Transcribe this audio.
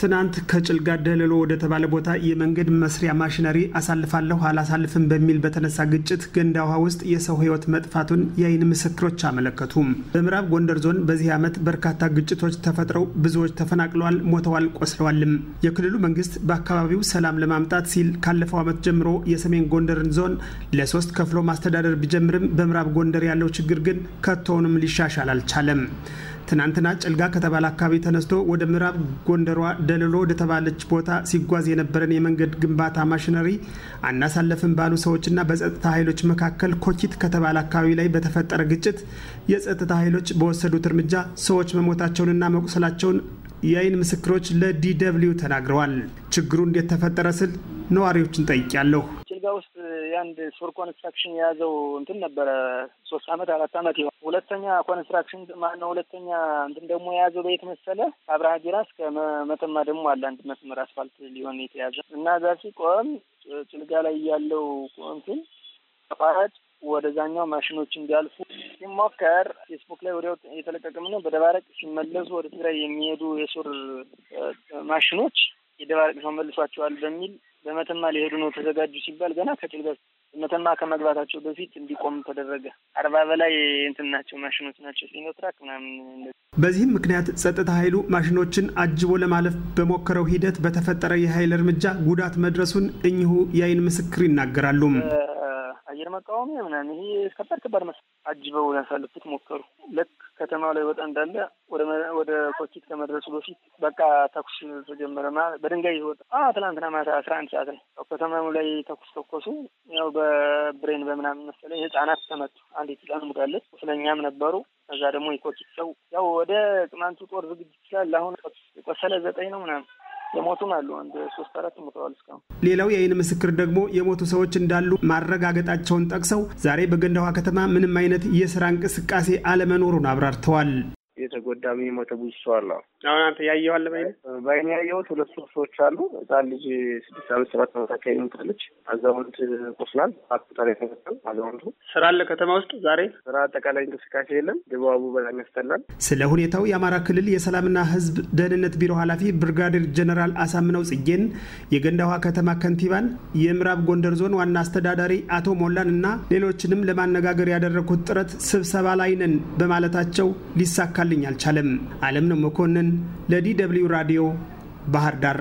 ትናንት ከጭልጋ ደለሎ ወደ ተባለ ቦታ የመንገድ መስሪያ ማሽነሪ አሳልፋለሁ አላሳልፍም በሚል በተነሳ ግጭት ገንዳ ውሃ ውስጥ የሰው ህይወት መጥፋቱን የአይን ምስክሮች አመለከቱም። በምዕራብ ጎንደር ዞን በዚህ ዓመት በርካታ ግጭቶች ተፈጥረው ብዙዎች ተፈናቅለዋል፣ ሞተዋል፣ ቆስለዋልም። የክልሉ መንግስት በአካባቢው ሰላም ለማምጣት ሲል ካለፈው ዓመት ጀምሮ የሰሜን ጎንደርን ዞን ለሶስት ከፍሎ ማስተዳደር ቢጀምርም በምዕራብ ጎንደር ያለው ችግር ግን ከቶውንም ሊሻሻል አልቻለም። ትናንትና ጭልጋ ከተባለ አካባቢ ተነስቶ ወደ ምዕራብ ጎንደሯ ደልሎ ወደተባለች ቦታ ሲጓዝ የነበረን የመንገድ ግንባታ ማሽነሪ አናሳለፍም ባሉ ሰዎችና በጸጥታ ኃይሎች መካከል ኮኪት ከተባለ አካባቢ ላይ በተፈጠረ ግጭት የጸጥታ ኃይሎች በወሰዱት እርምጃ ሰዎች መሞታቸውንና መቁሰላቸውን የአይን ምስክሮች ለዲደብሊው ተናግረዋል። ችግሩ እንዴት ተፈጠረ ስል ነዋሪዎችን ጠይቄያለሁ። ውስጥ የአንድ ሱር ኮንስትራክሽን የያዘው እንትን ነበረ ሶስት አመት አራት አመት ይሆን። ሁለተኛ ኮንስትራክሽን ማነው ሁለተኛ እንትን ደግሞ የያዘው ቤት መሰለ አብርሃ ጌራ እስከ መተማ ደግሞ አለ አንድ መስመር አስፋልት ሊሆን የተያዘ እና እዛ ሲቆም ጭልጋ ላይ ያለው እንትን አቋራጭ ወደዛኛው ማሽኖች እንዲያልፉ ሲሞከር ፌስቡክ ላይ ወዲያው የተለቀቅም ነው። በደባረቅ ሲመለሱ ወደ ትግራይ የሚሄዱ የሱር ማሽኖች የደባረቅ ሰው መልሷቸዋል በሚል በመተማ ሊሄዱ ነው ተዘጋጁ ሲባል ገና ከጭልጋት መተማ ከመግባታቸው በፊት እንዲቆም ተደረገ። አርባ በላይ እንትን ናቸው ማሽኖች ናቸው ሲኖትራክ ምናምን። በዚህም ምክንያት ጸጥታ ኃይሉ ማሽኖችን አጅቦ ለማለፍ በሞከረው ሂደት በተፈጠረ የኃይል እርምጃ ጉዳት መድረሱን እኚሁ የአይን ምስክር ይናገራሉ። አየር መቃወሚያ ምናምን ይሄ ከባድ ከባድ መስ አጅበው ሊያሳልፉት ሞከሩ። ልክ ከተማው ላይ ወጣ እንዳለ ወደ ኮኪት ከመድረሱ በፊት በቃ ተኩስ ተጀመረ። በድንጋይ ወጣ። ትላንትና ማታ አስራ አንድ ሰዓት ነው ከተማው ላይ ተኩስ ተኮሱ። ያው በብሬን በምናምን መሰለኝ ህጻናት ተመቱ። አንድ ህጻን ሙታለች። ስለኛም ነበሩ። ከዛ ደግሞ የኮኪት ሰው ያው ወደ ቅማንቱ ጦር ዝግጅት ይችላል። አሁን የቆሰለ ዘጠኝ ነው ምናምን የሞቱም አሉ። አንድ ሶስት አራት ሞተዋል እስካሁን። ሌላው የአይን ምስክር ደግሞ የሞቱ ሰዎች እንዳሉ ማረጋገጣቸውን ጠቅሰው ዛሬ በገንዳዋ ከተማ ምንም አይነት የስራ እንቅስቃሴ አለመኖሩን አብራርተዋል። የተጎዳ የሞተ ብዙ ሰው አለ። አሁን አንተ ያየዋለ በይ ባይን ያየሁት ሁለት ሶስት ሰዎች አሉ። ህፃን ልጅ ስድስት አመት ሰባት አመት አካባቢ ይምጣለች። አዛውንት ቆስላል። አስፖታል የተመጣል አዛውንቱ ስራ አለ ከተማ ውስጥ ዛሬ ስራ አጠቃላይ እንቅስቃሴ የለም። ድባቡ በጣም ያስጠላል። ስለ ሁኔታው የአማራ ክልል የሰላምና ህዝብ ደህንነት ቢሮ ኃላፊ ብርጋዴር ጀነራል አሳምነው ጽጌን፣ የገንዳ ውሃ ከተማ ከንቲባን፣ የምዕራብ ጎንደር ዞን ዋና አስተዳዳሪ አቶ ሞላን እና ሌሎችንም ለማነጋገር ያደረግኩት ጥረት ስብሰባ ላይ ነን በማለታቸው ሊሳካልኛል አልቻለም። አለምነው መኮንን ለዲ ደብልዩ ራዲዮ ባህር ዳር